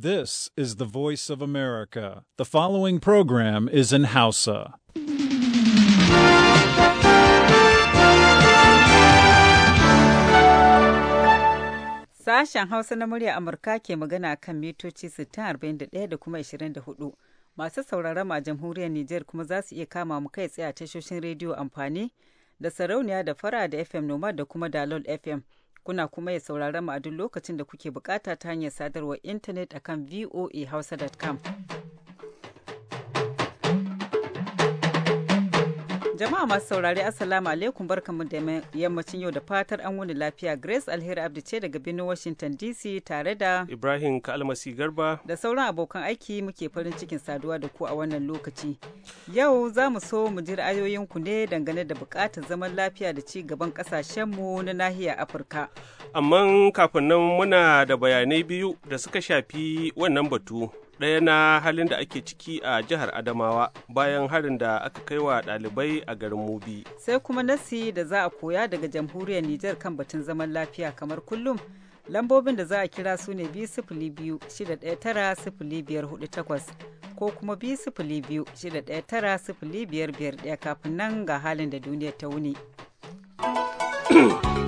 This is the voice of America. The following program is in Hausa. Sashen Hausa na murya Amurka ke magana kan mitoci 6041 da kuma 24. Masu sauraron a jamhuriyar Nijar kuma za su iya kama mu kai tsaye a tashoshin rediyo amfani da sarauniya da fara da FM Nomad da kuma Dalol FM. Kuna kuma ya saurara mu a duk lokacin da kuke bukata ta hanyar sadarwar intanet akan voahausa.com. Jama'a masu saurari Assalamu alaikum barkamu da yammacin yau da fatar an wuni lafiya Grace Alheri Abdi ce daga birnin Washington DC tare da Ibrahim Kalmasi Garba da sauran abokan aiki muke farin cikin saduwa da ku a wannan lokaci. Yau za mu so mu ji ra'ayoyinku ne dangane da bukatar zaman lafiya da ci gaban ƙasashenmu na nahiyar Afirka. Amma kafin nan muna da bayanai biyu da suka shafi wannan batu. ɗaya na halin da ake ciki a jihar Adamawa bayan harin da aka kai wa ɗalibai a garin Mubi. Sai kuma nasi da za a koya daga jamhuriyar Nijar kan batun zaman lafiya kamar kullum. Lambobin da za a kira su ne biyu shida ɗaya tara sifili biyar hudu takwas ko kuma biyu shida tara biyar biyar kafin nan ga halin da duniya ta wuni.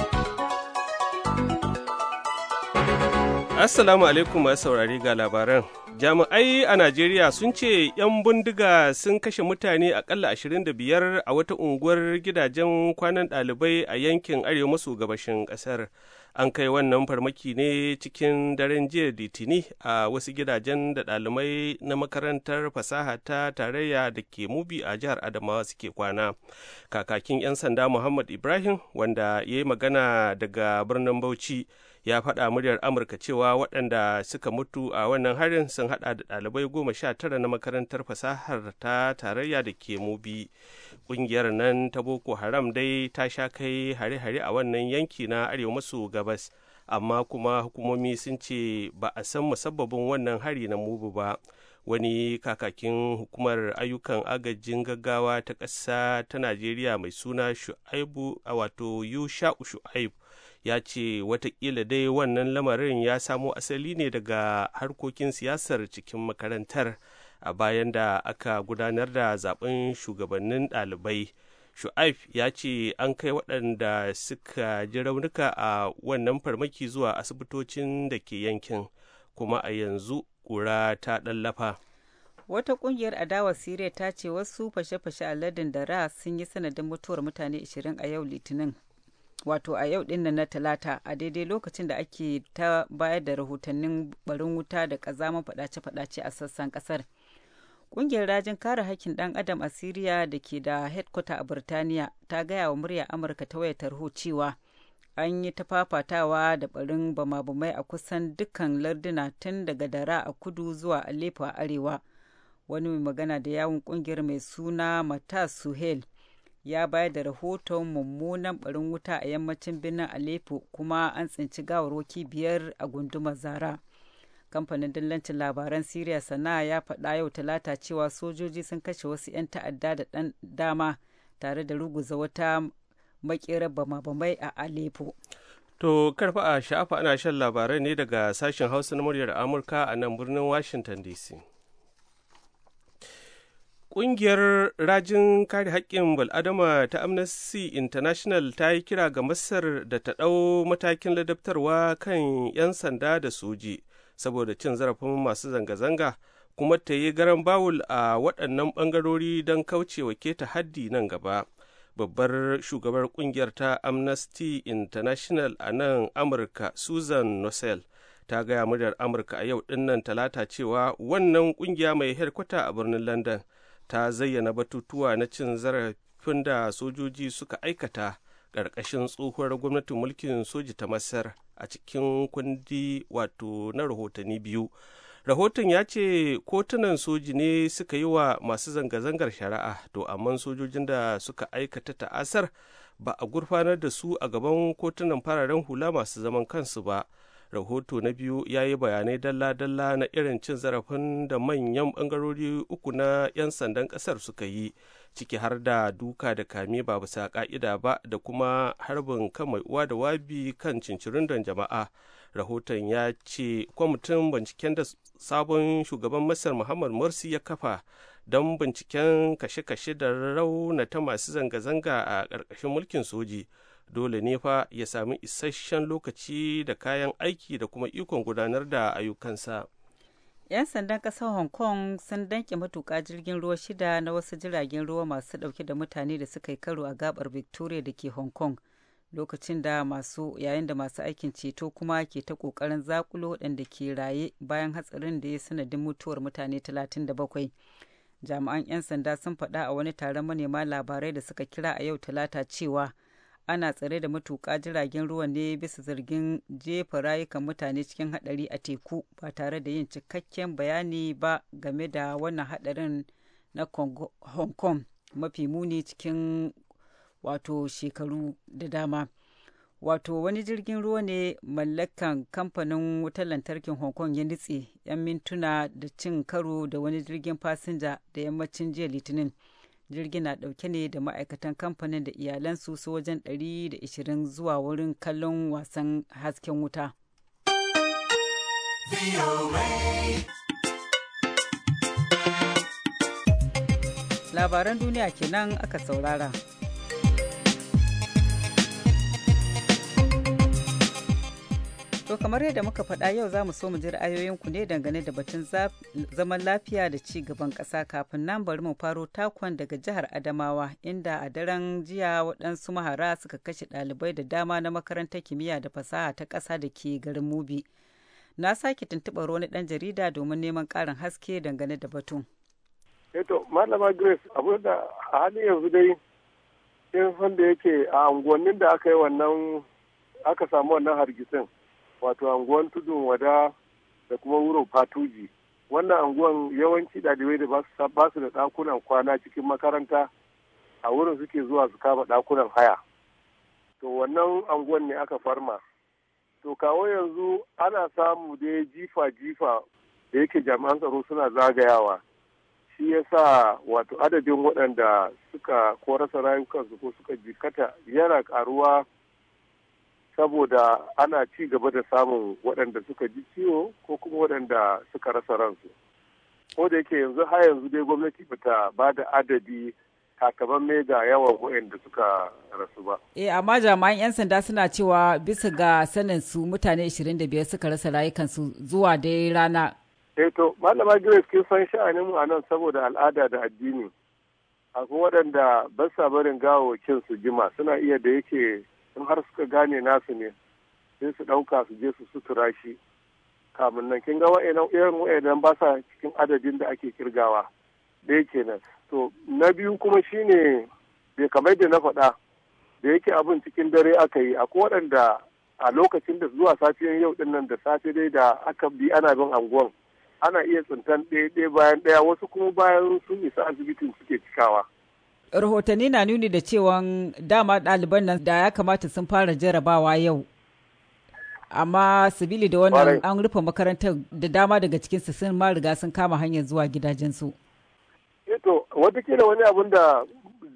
Assalamu alaikum masu saurari ga labaran. Jami'ai a Najeriya sun ce 'yan bindiga sun kashe mutane akalla 25 a wata unguwar gidajen kwanan ɗalibai a yankin arewa maso gabashin ƙasar. An kai wannan farmaki ne cikin daren jiya litini a wasu gidajen da ɗalibai na makarantar fasaha ta tarayya da ke mubi a jihar Adamawa suke kwana. Kakakin 'yan sanda Muhammad Ibrahim wanda ya yi magana daga birnin Bauchi. ya faɗa muryar amurka cewa waɗanda suka mutu a wannan harin sun haɗa da ɗalibai goma sha tara na makarantar fasahar ta tarayya da ke mubi ƙungiyar nan ta boko haram dai ta sha kai hare-hare a wannan yanki na arewa maso gabas amma kuma hukumomi sun ce ba a san musabbabin wannan hari na mubi ba wani kakakin hukumar ayyukan agajin gaggawa ta ƙasa ta najeriya mai suna shu'aibu a wato sha'u shu'aibu. ya ce watakila dai wannan lamarin ya samo asali ne daga harkokin siyasar cikin makarantar a bayan da aka gudanar da zaben shugabannin ɗalibai shu'aib ya ce an kai waɗanda suka ji raunuka a wannan farmaki zuwa asibitocin da ke yankin kuma a yanzu kura ta ɗallafa wata ƙungiyar adawar siriya ta ce wasu fashe-fashe a ladin da ra sun yi sanadin mutuwar mutane 20 a yau litinin wato a yau dinnan na talata a daidai lokacin da ake ta bayar da rahotannin barin wuta da kazaman fadace-fadace a sassan kasar kungiyar rajin kare hakkin dan adam a siriya da ke da headquarter a birtaniya ta gaya wa murya amurka ta waya tarho cewa an yi ta fafatawa da barin bama a kusan dukkan larduna tun daga dara a kudu zuwa aleppo a arewa wani mai magana da yawun kungiyar mai suna matas suhel ya bayar da rahoton mummunan barin wuta a yammacin birnin Aleppo kuma an tsinci gawarwaki biyar a gundumar Zara. Kamfanin dillancin labaran Siriya sana'a ya faɗa yau talata cewa sojoji sun kashe wasu 'yan ta'adda da ɗan dama tare da ruguza wata makerar bama-bamai a Aleppo. To karfa a sha'afa ana shan labarai ne daga sashen Hausa na muryar Amurka a nan birnin Washington DC. Ƙungiyar rajin kare haƙƙin bal'adama ta Amnesty International ta yi kira ga Masar da ta ɗau matakin ladabtarwa kan 'yan sanda da soji saboda cin zarafin masu zanga-zanga kuma ta yi garan bawul a waɗannan ɓangarori don kaucewa keta haddi nan gaba. Babbar shugabar ƙungiyar ta Amnesty International a nan Amurka Susan Nossel ta gaya muryar Amurka a yau ɗinnan talata cewa wannan ƙungiya mai herkwata a birnin London. ta zayyana batutuwa na cin zarafin da sojoji suka aikata ƙarƙashin tsohuwar gwamnatin mulkin soji ta masar a cikin kundi wato na rahotanni biyu rahoton ya ce kotunan soji ne suka yi wa masu zanga-zangar shari'a to amma sojojin da suka aikata ta'asar ba a gurfanar da su a gaban kotunan fararen hula masu zaman kansu ba rahoto na biyu ya yi bayanai dalla-dalla na irin cin zarafin da manyan bangarori uku na 'yan sandan kasar suka yi ciki har da duka da kame ba bisa ka'ida ba da kuma harbin kan mai uwa da wabi kan don jama'a rahoton ya ce kwamitin binciken da sabon shugaban masar muhammad morsi ya kafa don binciken kashe-kashe da raunata masu zanga-zanga a ƙarƙashin mulkin soji dole ne fa ya sami isasshen lokaci da kayan aiki da kuma ikon gudanar da ayyukansa. 'Yan sandan ƙasar Hong Kong sun danke matuƙa jirgin ruwa shida na wasu jiragen ruwa masu ɗauke da mutane da suka yi karo a gabar Victoria da ke Hong Kong lokacin da masu yayin da masu aikin ceto kuma ke ta ƙoƙarin zakulo waɗanda ke raye bayan hatsarin da ya sanadin mutuwar mutane 37. Jami'an 'yan sanda sun faɗa a wani taron manema labarai da suka kira a yau talata cewa ana tsare da matuƙa jiragen ruwa ne bisa zargin jefa rayukan mutane cikin haɗari a teku ba tare da yin cikakken bayani ba game da wannan haɗarin na hong kong mafi muni cikin wato shekaru da dama wato wani jirgin ruwa ne mallakan kamfanin wutar lantarkin hong kong ya nutse 'yan mintuna da cin karo da wani jirgin fasinja da yammacin jiya litinin jirgi na dauke ne da ma'aikatan kamfanin da iyalansu su wajen 120 zuwa wurin kallon wasan hasken wuta labaran duniya kenan aka saurara To kamar yadda muka faɗa yau za mu so mu ji ra'ayoyinku ne dangane da batun zaman lafiya da ci gaban ƙasa kafin nan bari mu faro takon daga jihar Adamawa inda a daren jiya waɗansu mahara suka kashe ɗalibai da dama na makarantar kimiyya da fasaha ta ƙasa da ke garin Mubi. Na sake tuntuɓar wani ɗan jarida domin neman ƙarin haske dangane da batun. Eto, eh Malama Grace, abu da a halin yanzu dai, kin da yake a unguwannin da aka yi wannan aka samu wannan hargitsin. wato anguwan tudun wada da kuma wurin fatuji wannan anguwan yawanci ɗalibai da ba su da ɗakunan kwana cikin makaranta a wurin suke zuwa su kama ɗakunan haya to wannan anguwan ne aka farma to kawo yanzu ana samu dai jifa-jifa da yake jami'an tsaro suna zagayawa shi ya sa wato adadin waɗanda suka ko rasa rayukansu ko suka jikata yana ƙaruwa saboda ana ci gaba da samun waɗanda suka ji ciwo ko kuma waɗanda suka rasa ransu ko da yake yanzu har yanzu dai gwamnati bata ba da adadi me ga yawan waɗanda suka rasu ba. Eh amma jami'an 'yan sanda suna cewa bisa ga sanin su mutane 25 suka rasa rayukansu zuwa dai rana. Eh to malama Grace kin san sha'anin mu anan saboda al'ada da addini. Akwai waɗanda ba sa barin gawawakin su jima suna iya da yake in har suka gane nasu ne sai su ɗauka su je su sutura shi kamun nan kin ga wa'annan irin wa'annan ba sa cikin adadin da ake kirgawa da yake nan to na biyu kuma shine bai kamar da na faɗa da yake abin cikin dare aka yi akwai waɗanda a lokacin da zuwa safiyan yau din nan da safe dai da aka bi ana bin anguwan ana iya tsintan ɗaya ɗaya bayan ɗaya wasu kuma bayan sun isa asibitin suke cikawa rahotanni na nuni da cewa dama ɗaliban nan da ya kamata sun fara jarabawa yau amma sibili da wannan an rufe makarantar da dama daga cikinsu sun ma riga sun kama hanyar zuwa gidajensu. ito eh watakila wani abun da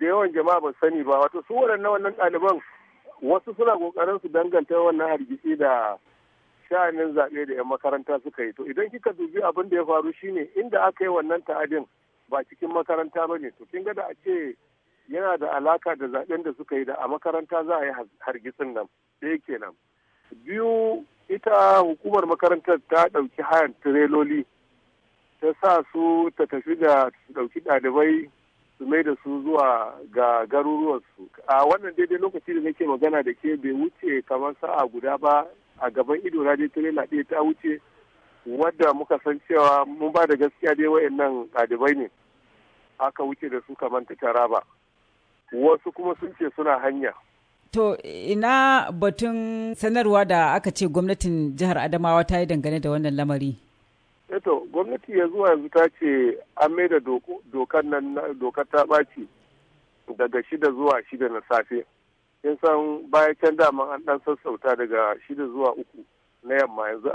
da yawan jama'a ba sani ba wato su waɗannan wannan ɗaliban wasu suna ƙoƙarin su danganta wannan hargitsi da sha'anin zaɓe da 'yan makaranta suka yi to idan kika dubi abin da ya faru shine inda aka yi wannan ta'adin ba cikin makaranta ba ne to kin ga da a ce yana da alaka da zaben da suka yi da a makaranta za a yi hargitsin nan yake nan biyu ita hukumar makarantar ta ɗauki hayan tireloli ta sa su ta tafi da ɗauki ɗalibai su mai da su zuwa ga garuruwarsu a wannan daidai lokaci da nake magana da ke bai wuce kamar sa'a guda ba a gaban ido na dai tirela ɗaya ta wuce wadda muka san cewa mun ba da gaskiya dai wayannan ɗalibai ne aka wuce da su kamar ta taraba wasu kuma sun ce suna hanya to ina batun sanarwa da aka ce gwamnatin jihar adamawa ta yi dangane da wannan lamari eto eh gwamnati ya zuwa yanzu ta ce an mai da dokar nan dokar ta ɓaci daga shida zuwa shida na safe kin san bayan can daman an ɗan sassauta daga shida zuwa uku na yamma yanzu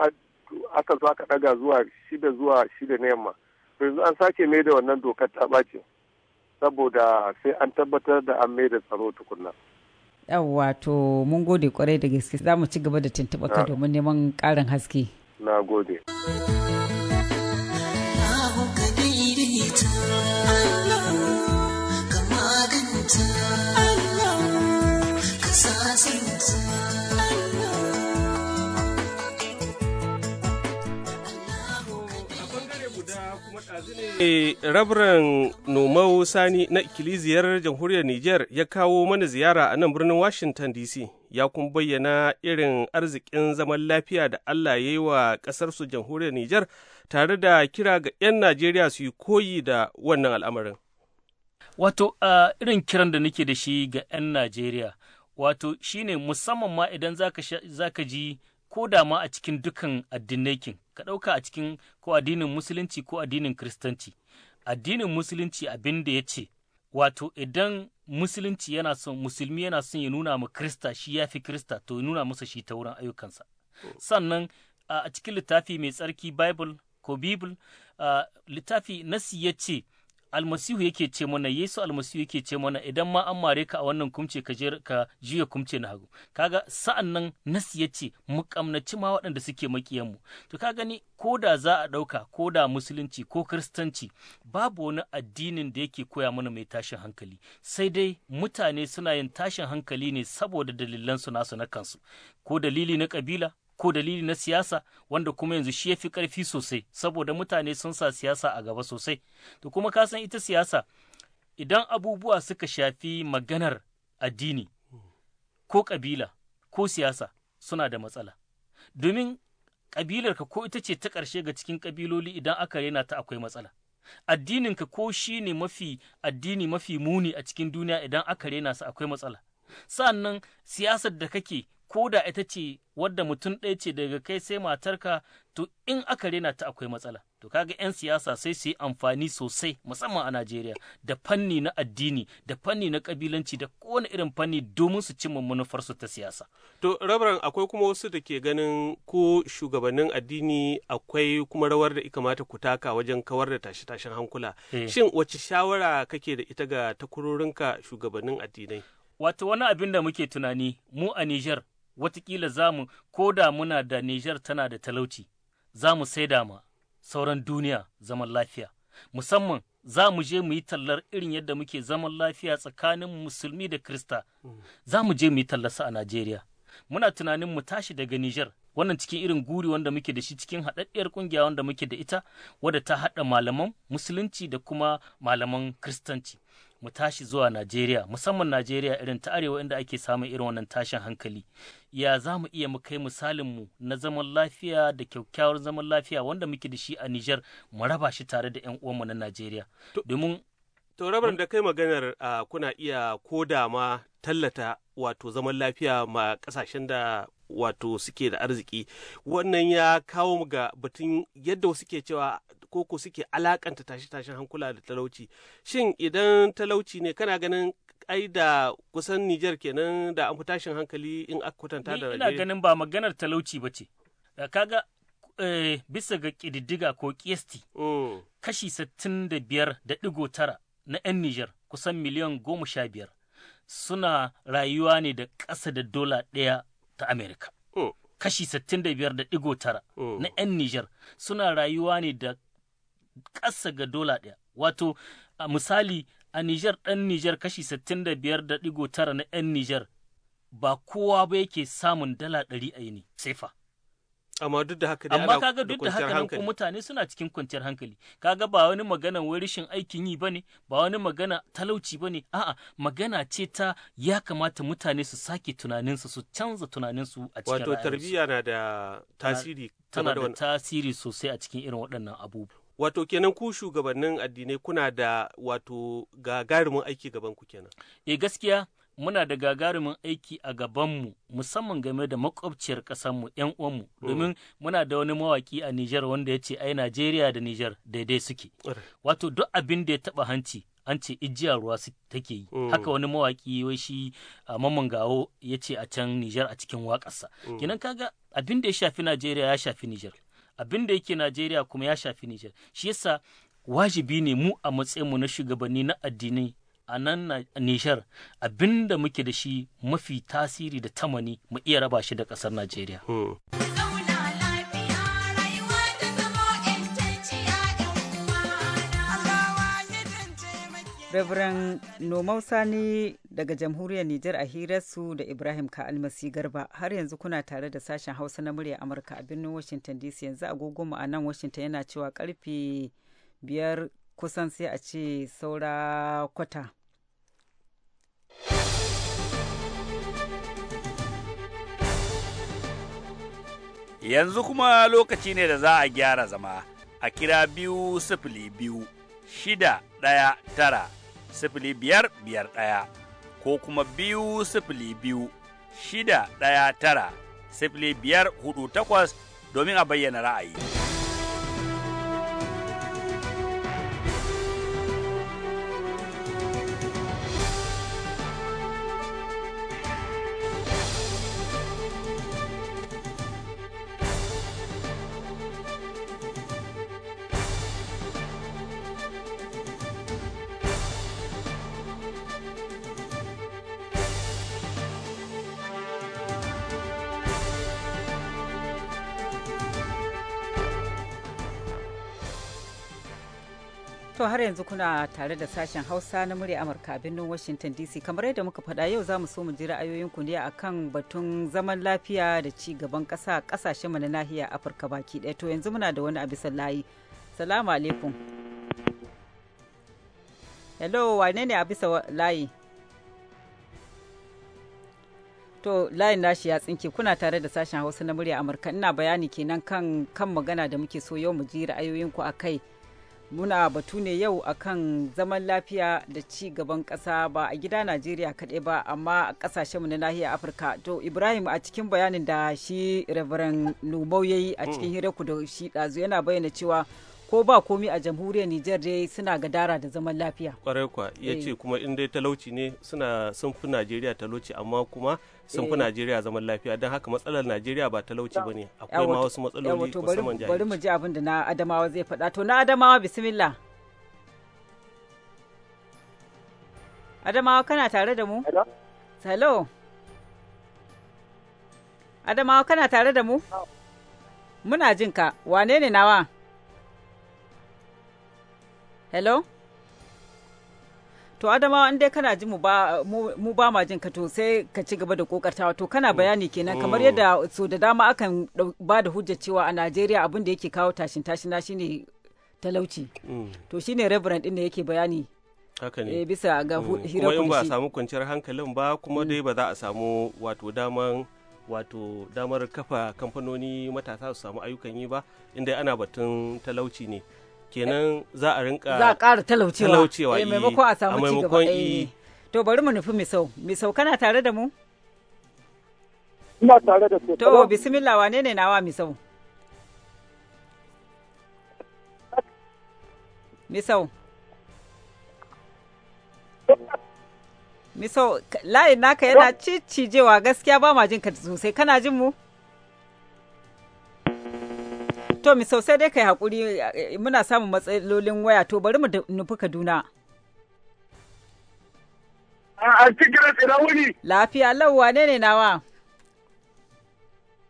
aka zo aka daga zuwa shida zuwa shida na yamma to yanzu an sake mai da wannan dokar ta ɓace saboda sai an tabbatar da an mai da tsaro tukunna. yawwa to mun gode kwarai da gaske za mu ci gaba da tuntuɓa ka domin neman ƙarin haske. na gode. ne rabran numau sani na ikkiliziyar jamhuriyar niger ya kawo mana ziyara a nan birnin washington dc ya kun bayyana irin arzikin zaman lafiya da allah ya yi wa ƙasarsu jamhuriyar niger tare da kira ga 'yan najeriya su yi koyi da wannan al'amarin wato irin kiran da nake da shi ga 'yan najeriya wato shine musamman ma idan zaka ji ko dama a cikin dukan addinai ka ɗauka a cikin ko addinin musulunci ko addinin kiristanci addinin musulunci abin da ya ce wato idan musulunci yana son musulmi yana son ya nuna ma kirista shi ya fi kirista to ya nuna masa shi ta wurin ayyukansa sannan a cikin littafi mai tsarki bible ko bible littafi nasi ya ce almasihu yake ce mana yesu almasihu yake ce mana idan ma an mare ka a wannan kumce ka ka juya kumce na hagu kaga sa'an nan nasi ya ce mu kamnaci ma waɗanda suke makiyanmu to ka gani ko da za a ɗauka ko da musulunci ko kiristanci babu wani addinin da yake koya mana mai tashin hankali sai dai mutane suna yin tashin hankali ne saboda dalilansu nasu na kansu ko dalili na kabila ko dalili na siyasa wanda kuma yanzu shi ya fi ƙarfi sosai saboda mutane sun sa siyasa a gaba sosai to kuma ka san ita siyasa idan abubuwa suka shafi maganar addini ko ƙabila ko siyasa suna da matsala domin ƙabilarka ko ita ce ta ƙarshe ga cikin ƙabiloli idan aka rena ta akwai matsala addininka ko shi ne mafi addini mafi muni a cikin duniya idan aka rena su akwai matsala sannan siyasar da kake ko da ita ce wadda mutum ɗaya ce daga kai sai matarka to in aka rena ta akwai matsala to kaga 'yan siyasa sai su yi amfani sosai musamman a najeriya da fanni na addini da fanni na kabilanci da kowane irin fanni domin su cimma manufarsu ta siyasa to rabaran akwai kuma wasu da ke ganin ko shugabannin addini akwai kuma rawar da ikamata ku kutaka wajen kawar da tashe-tashen hankula eh. shin wace shawara kake da ita ga takwarorinka shugabannin addinai wato wani abin da muke tunani mu a Nijar. watakila za mu ko da muna da Nijar tana da talauci za mu saida ma sauran duniya zaman lafiya musamman za mu je mu yi tallar irin yadda muke zaman lafiya tsakanin musulmi da krista za mu je mu yi tallarsa a najeriya muna tunanin mu tashi daga nijar wannan cikin irin guri wanda muke da shi cikin haɗaɗɗiyar ƙungiya wanda muke da ita wadda ta haɗa malaman musulunci da kuma malaman kristanci mu tashi zuwa Najeriya musamman Najeriya irin ta arewa inda ake samun irin wannan tashin hankali ya za mu iya mu kai misalinmu na zaman lafiya da kyakkyawar zaman lafiya wanda muke da shi a Nijar mu raba shi tare da 'yan mu na Najeriya domin to rabar da kai maganar kuna iya koda ma tallata wato zaman lafiya ma kasashen da wato suke da arziki wannan ya kawo mu ga batun yadda suke cewa ko ko suke alakanta tashe-tashen hankula da talauci shin idan talauci ne kana ganin ai da kusan Nijar kenan da an tashin hankali in kwatanta da ina ganin ba maganar talauci ba ce kaga eh, bisa ga ƙididdiga ko ƙiyasti oh. kashi sittin da biyar da ɗigo tara na 'yan Nijar kusan miliyan goma sha biyar suna rayuwa ne da ƙasa da dola ɗaya ta Amerika. Oh. Kashi sittin da biyar da ɗigo tara oh. na 'yan Nijar suna rayuwa ne da ƙasa ga dola ɗaya. Wato, a misali, a Nijar ɗan Nijar kashi 65.9 na 'yan Nijar ba kowa ba yake samun dala ɗari a yini, fa. amma duk da haka da amma kaga duk da haka ko mutane suna cikin kwanciyar hankali kaga ba wani magana wai rashin aikin yi bane ba wani magana talauci bane a'a magana ce ta ya kamata mutane su sake tunaninsu su canza tunaninsu a cikin wato tarbiyya na da tasiri tana da tasiri sosai a cikin irin waɗannan abubuwa wato kenan ku shugabannin addinai kuna da wato gagarumin aiki gaban ku kenan eh gaskiya muna da gagarumin aiki a gaban mu musamman game da makwabciyar mu ‘yan uwan mu mm. domin muna da wani mawaki a Nijar wanda ya ce ai Najeriya da Nijar daidai suke. Wato duk abin da ya taba hanci an ce ijiya ruwa take yi mm. haka wani mawaki wai shi mamman gawo ya ce a can Nijar a cikin waƙarsa. Mm. Kenan kaga abin da ya shafi Najeriya ya shafi Nijar. abin da yake Najeriya kuma ya shafi Nijar shi yasa wajibi ne mu a matsayin mu na shugabanni na addinai a nan Nijar abin da muke da shi mafi tasiri da tamani mu iya raba shi da ƙasar Najeriya. Hmm. Reverend Nomau Sani daga jamhuriyar Nijar a hirarsu da Ibrahim ka almasi Garba har yanzu kuna tare da sashen Hausa na murya Amurka a birnin Washington DC yanzu agogonmu a nan Washington yana cewa karfe biyar kusan sai a ce saura kwata. Yanzu kuma lokaci ne da za a gyara zama a kira biyu sifili biyu. shida ɗaya tara sifili biyar biyar ɗaya ko kuma biyu sifili biyu shida ɗaya tara sifili biyar hudu takwas domin a bayyana ra'ayi. To har yanzu kuna tare da sashen Hausa na murya Amurka a birnin Washington DC. Kamar yadda muka faɗa yau za mu so mu ji ra'ayoyinku ne a kan batun zaman lafiya da ci gaban ƙasa ƙasashen na nahiya Afirka baki ɗaya. To yanzu muna da wani a layi. Salamu alaikum. Hello, wane ne a bisa layi? To layin nashi ya tsinke kuna tare da sashen Hausa na murya Amurka. Ina bayani kenan kan kan magana da muke so yau mu ji ra'ayoyinku a kai. muna batu ne yau akan zaman lafiya da ci gaban ƙasa ba a gida najeriya kaɗai ba amma a ƙasashenmu na nahiyar afirka to ibrahim a cikin bayanin da shi reverend numau ya yi a cikin mm. hirarku da shi ɗazu yana bayyana cewa ko ba komi a jamhuriyar Nijar dai suna gadara da zaman lafiya. Kwarai kwa ya ce eh. kuma in dai talauci ne suna sun fi Najeriya talauci amma kuma sun fi eh. Najeriya zaman lafiya don haka matsalar Najeriya ba talauci ba ne akwai ma wasu matsaloli musamman jahilci. Bari mu ji abin da na Adamawa zai faɗa to na Adamawa bismillah. Adamawa kana tare da mu? Hello. Adamawa kana tare da mu? Oh. Muna jinka wane ne nawa? hello to adamawa in dai kana ji mu ba mu ba ma jin ka to sai ka ci gaba da kokartawa to kana bayani kenan kamar yadda so da dama akan ba da hujja cewa a Najeriya abin da yake kawo tashin tashina shine talauci mm. to shine reverend din da yake bayani haka ne eh, bisa ga mm. hira kuma in ba a samu kwanciyar hankalin ba kuma dai mm. ba za a samu wato daman wato damar kafa kamfanoni matasa su samu ayyukan yi ba inda ana batun talauci ne kenan za a rinka za a ƙara talaucewa eh, eh, a maimakon a samu cigaba gaba eh to bari mu nufi misau misau kana tare da mu ina tare da ku to bismillah wane ne nawa misau misau misau layin naka yana ciccijewa gaskiya ba ma ka sosai kana jin mu To mi sosai dai kai hakuri muna samun matsalolin waya to bari mu nufi Kaduna. A cikin tsira wuni. Lafiya wa ne ne nawa.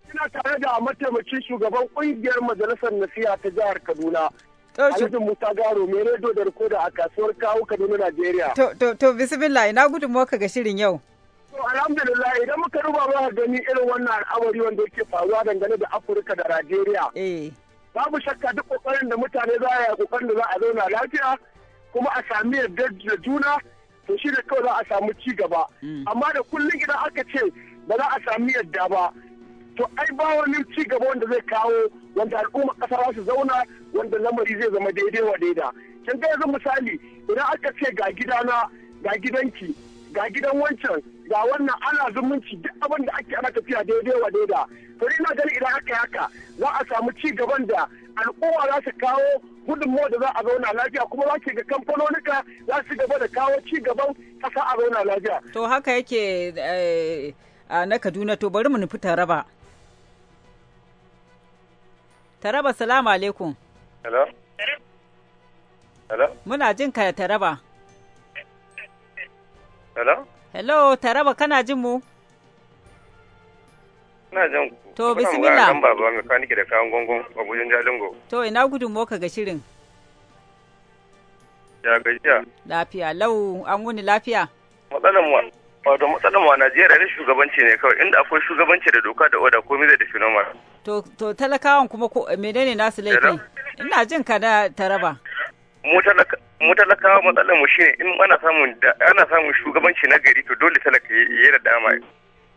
Ina tare da mataimakin shugaban kungiyar majalisar nasiha ta jihar Kaduna. Alhaji Musa Garo mai rediyo da rikoda a kasuwar kawo Kaduna Najeriya. To to to bismillah ina gudunmuwa ka ga shirin yau. alhamdulillah idan muka ruba ba gani irin wannan al'amari wanda yake faruwa dangane da Afirka da nigeria eh. Babu shakka duk kokarin da mutane za a yi kokarin da za a zauna lafiya kuma a sami yarda da juna to shi da kawai za a samu ci gaba. Hmm. Amma da kullum idan aka ce ba za a sami yadda ba to ai ba wani ci gaba wanda zai kawo wanda al'umma kasa za su zauna wanda lamari zai zama daidai wa daida. Kin ga yanzu misali idan aka ce ga gidana ga gidanki ga gidan wancan ga wannan ana zumunci duk abin da ake ana tafiya daidai wa daida to na gani idan aka haka za a samu ci gaban da al'umma za su kawo gudunmawa da za a zauna lafiya kuma za ke ga kamfanonika za su gaba da kawo ci gaban kasa a zauna lafiya. To haka yake eh, na Kaduna to bari mu nufi Taraba. Taraba salamu alaikum. Hello. Hello. Muna jin ka Taraba. Hello. Hello, Taraba kana jin mu? Ina jin ku. To, bismillah. Kuna baba mekaniki da kawon gongon Abujan Jalingo. To, ina gudun moka ga shirin. Ya gajiya. Lafiya, lau an wuni lafiya. Matsalan mu wato matsalan mu a Najeriya ne shugabanci ne kawai inda akwai shugabanci da doka da oda komai zai tafi normal. To, to talakawan kuma ko menene nasu laifi? Ina jin ka da Taraba. mu talakawa matsalar mu shine in ana samun ana samun shugabanci na gari to dole talaka ya da dama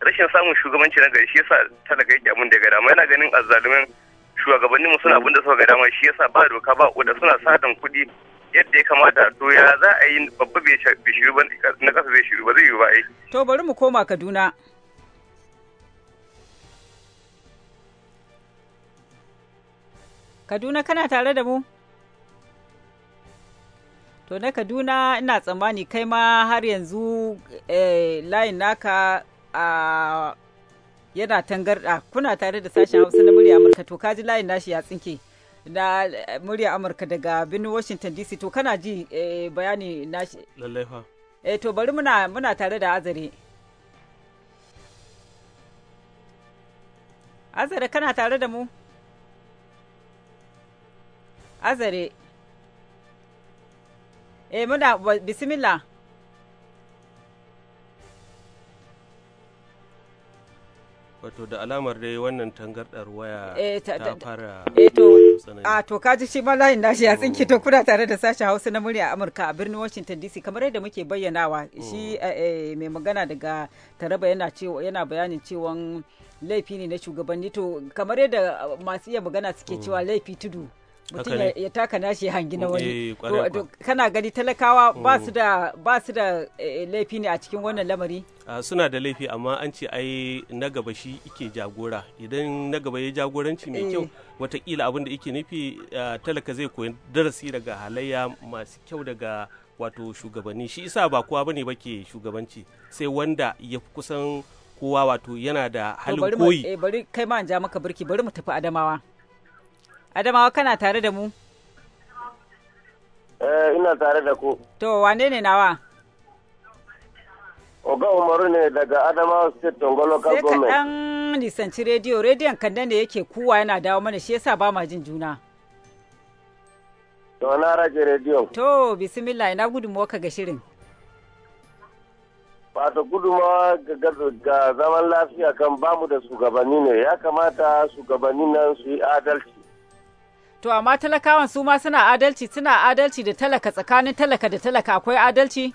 rashin samun shugabanci na gari shi yasa talaka yake abin da ga dama yana ganin azzalumin shugabannin mu suna abin da suka ga dama shi yasa ba doka ba wanda suna sadan kuɗi yadda ya kamata to ya za a yi babba bai shiru ba na kasa bai shiru ba zai yi ba ai to bari mu koma Kaduna Kaduna kana tare da mu? To na Kaduna ina tsammani kai ma har yanzu eh, layin naka a yana tangarɗa kuna tare da sashen hausa na murya amurka to kaji layin nashi ya tsinke na murya amurka daga birnin washington dc to kana ji eh, bayani nashi lallai fa eh to bari muna muna tare da azare azare kana tare da mu azare e muna bismillah wato da alamar dai wannan tangardar waya eh, ta fara eh, a to kaji shi malayin nashi ya tsinki to oh. kuna tare da sashen hausa na murya amurka a birnin washington dc kamar yadda muke bayyanawa shi oh. mai magana daga taraba yana bayanin cewa laifi ne na shugabanni to kamar yadda masu iya magana suke oh. cewa laifi tudu mutum ya taka nashi hangi na eh, wani kana gani talakawa ba su oh. da ba su da eh, laifi ne a cikin wannan lamari ah, suna da laifi amma an ce ai na gaba shi ike jagora idan na gaba ya jagoranci mai kyau eh. watakila abin da ike nufi ah, talaka zai koyi darasi daga halayya masu kyau daga wato shugabanni shi isa ba kowa bane ba ke shugabanci sai wanda ya kusan kowa wato yana da halin koyi bari kai ma an ja maka birki bari mu tafi adamawa Adamawa kana tare da mu? Eh, ina tare da ku. To, wane ne nawa? Oga Umaru ne daga Adamawa State Tongo Local Government. Sai kaɗan nisanci rediyo, rediyon kanda ne yake kuwa yana dawo mana shi yasa ba ma jin juna. To, na rage rediyon. To, bismillah, ina gudunmuwa ka ga shirin. Wato gudunmawa ga zaman lafiya kan bamu da shugabanni ne, ya kamata shugabanni nan su yi adalci. To amma talakawan su ma suna adalci suna adalci da talaka tsakanin talaka da talaka akwai adalci?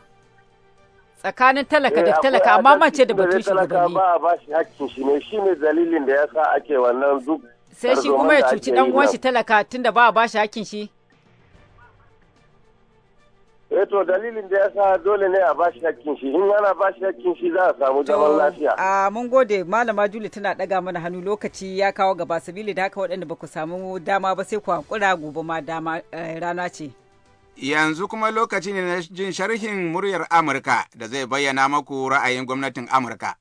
Tsakanin talaka da eh, talaka amma mace da batun shugabanni. Ba a ba shi hakkin shi ne shi ne dalilin da ya sa ake wannan duk. Sai shi kuma ya cuci dan uwan shi talaka tunda ba a ba shi hakkin shi. eh to dalilin da yasa dole ne a bashi hakkin shi in ana bashi hakkin shi za a samu zaman lafiya a mun gode malama juli tana daga mana hannu lokaci ya kawo gaba sabili da haka waɗanda ba ku samu dama ba sai ku hankura gobe ma dama eh, rana ce yanzu kuma lokaci ne na jin sharhin muryar amurka da zai bayyana maku ra'ayin gwamnatin amurka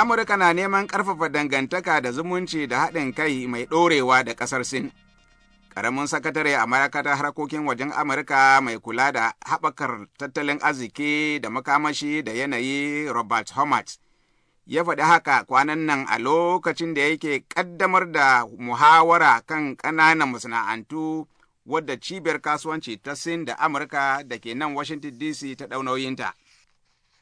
Amurka na neman ƙarfafa dangantaka da zumunci da haɗin kai mai ɗorewa da ƙasar Sin. Ƙaramin sakatare a ma'aikatar harkokin wajen Amurka mai kula da haɓakar tattalin arziki da makamashi da yanayi Robert Homart ya faɗi haka kwanan nan a lokacin da yake ƙaddamar da muhawara kan ƙananan masana'antu wadda cibiyar kasuwanci ta Sin da Amurka da ke nan Washington DC ta nauyinta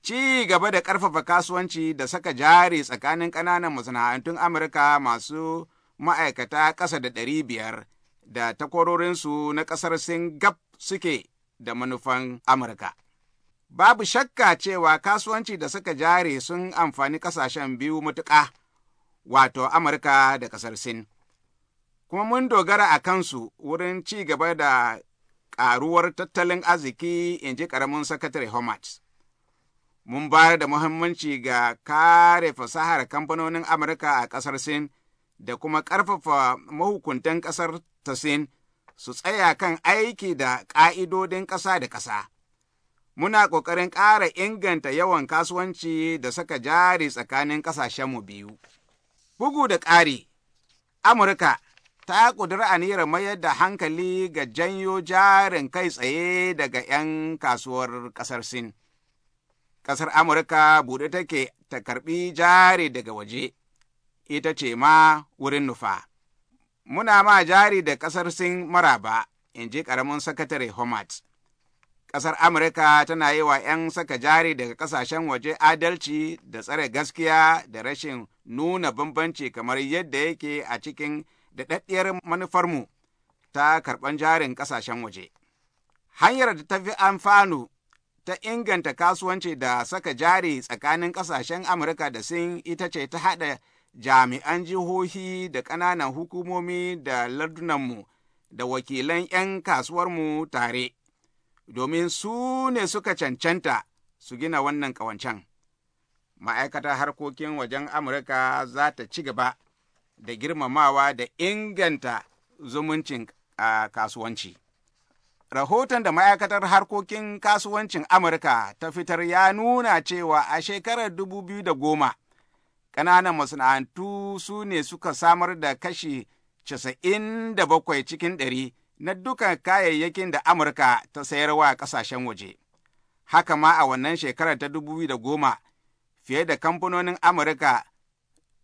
ci gaba da ƙarfafa kasuwanci da saka jari tsakanin ƙananan masana'antun Amurka masu ma'aikata ƙasa da ɗari biyar da takwarorinsu na ƙasar Sin gab suke da manufan Amurka. Babu shakka cewa kasuwanci da saka jari sun amfani ƙasashen biyu matuƙa, wato Amurka da ƙasar Sin. Kuma mun dogara a kansu wurin ci gaba da ƙaruwar tattalin arziki, in ji ƙaramin sakatare Homat. mun bayar da muhimmanci ga kare fasahar kamfanonin Amurka a ƙasar Sin da kuma ƙarfafa mahukuntan ƙasar ta Sin su tsaya kan aiki da ƙa'idodin ƙasa da ƙasa. Muna ƙoƙarin ƙara inganta yawan kasuwanci da saka jari tsakanin ƙasashenmu biyu. Bugu da ƙari, Amurka ta ƙudura aniyar mayar da hankali ga janyo jarin kai tsaye daga ‘yan kasuwar ƙasar Sin. ƙasar Amurka buɗe take ta karɓi jari daga waje, ita ce ma wurin nufa. Muna ma jari da ƙasar Sin maraba, in ji ƙaramin sakatare Homat. Ƙasar Amurka tana yi wa ‘yan saka jari daga ƙasashen waje adalci da tsare gaskiya da rashin nuna bambanci kamar yadda yake a cikin daɗaɗɗiyar manufarmu ta karɓan jarin ƙasashen waje. Hanyar da ta fi amfanu ta inganta kasuwanci da saka jari tsakanin kasashen Amurka da Sin ita ce ta haɗa jami'an jihohi da ƙananan hukumomi da lardunanmu da wakilan 'yan kasuwarmu tare, domin su ne suka cancanta su gina wannan ƙawancen. Ma'aikatar harkokin wajen Amurka za ta ci gaba da girmamawa da inganta zumuncin kasuwanci. Rahoton da ma'aikatar harkokin kasuwancin Amurka ta fitar ya nuna cewa a shekarar 2010 ƙananan masana'antu su ne suka samar da kashi 97 cikin ɗari na dukkan kayayyakin da Amurka ta sayarwa ƙasashen waje. Haka ma a wannan shekarar ta 2010 fiye da kamfanonin Amurka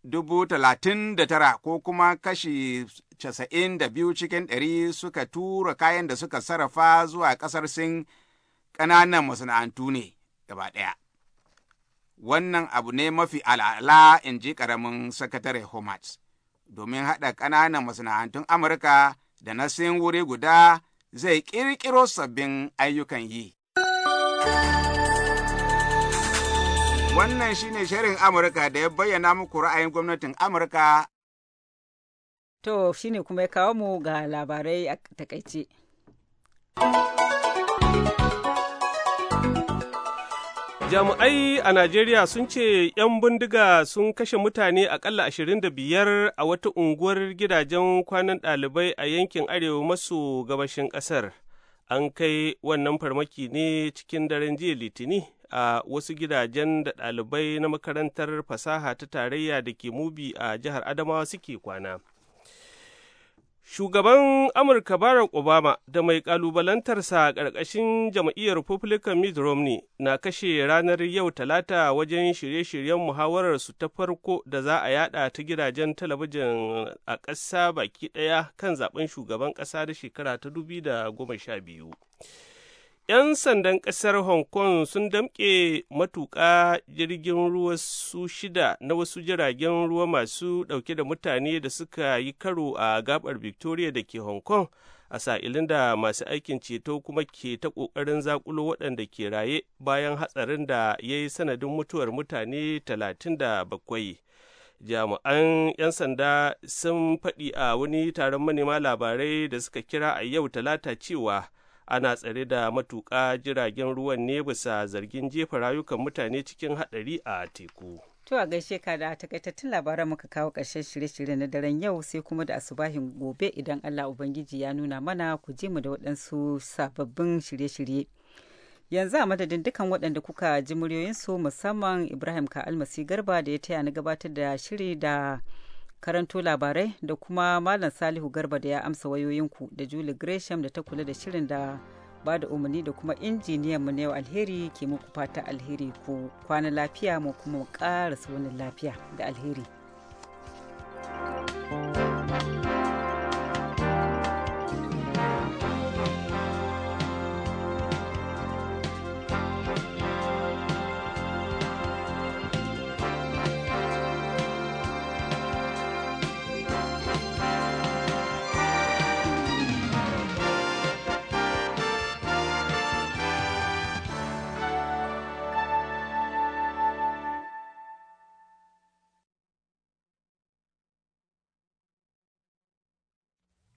dubu talatin da tara ko kuma kashi casa'in da biyu cikin ɗari suka tura kayan da suka sarrafa zuwa ƙasar sin ƙananan masana'antu ne gaba ɗaya. Wannan abu ne mafi al'ala in ji ƙaramin sakatare Homats, domin haɗa ƙananan masana'antun Amurka da na sin wuri guda zai ƙirƙiro sabbin ayyukan yi. Wannan shine shirin Amurka da ya bayyana muku ra'ayin gwamnatin Amurka. To shine kuma ya kawo mu ga labarai a takaice. Jami'ai a Najeriya sun ce 'yan bindiga sun kashe mutane akalla 25 a wata unguwar gidajen kwanan ɗalibai a yankin arewa maso gabashin ƙasar. An kai wannan farmaki ne cikin daren jiya Litini a wasu gidajen da ɗalibai na makarantar fasaha ta tarayya da ke mubi a jihar adamawa suke kwana shugaban amurka barack obama da mai ƙalubalantarsa ƙarƙashin jam'iyyar republican mitt romney na kashe ranar yau talata wajen shirye-shiryen muhawararsu ta farko da za a yada ta gidajen talabijin a ƙasa baki ɗaya kan zaben shugaban ƙasa da shekara ta 2012 ‘Yan sandan ƙasar Hong Kong sun damƙe matuƙa jirgin ruwa su shida na wasu jiragen ruwa masu ɗauke da mutane da suka yi karo a gabar Victoria da ke Hong Kong a sa'ilin da masu aikin ceto kuma ke ta ƙoƙarin zaƙulo waɗanda ke raye bayan hatsarin da ya yi sanadin mutuwar mutane talatin da bakwai. jami'an 'yan sanda sun faɗi a wani taron manema labarai da suka kira a yau talata cewa ana tsare da matuka jiragen ruwan ne bisa zargin jefa rayukan mutane cikin haɗari a teku. To a gaishe ka da takaitattun labaran muka kawo ƙarshen shirye-shirye na daren yau sai kuma da asubahin gobe idan Allah Ubangiji ya nuna mana ku ji mu da waɗansu sababbin shirye-shirye. Yanzu a madadin dukan waɗanda kuka ji muryoyinsu musamman Ibrahim Ka'almasi Garba da ya taya na gabatar da shiri da karanto labarai da kuma Malam Salihu Garba da ya amsa wayoyinku da Julie Gresham da ta kula da shirin da ba da umarni da kuma injiniyan mu na yau alheri ke muku fata alheri ko kwana lafiya mu kuma ƙara wani lafiya da alheri.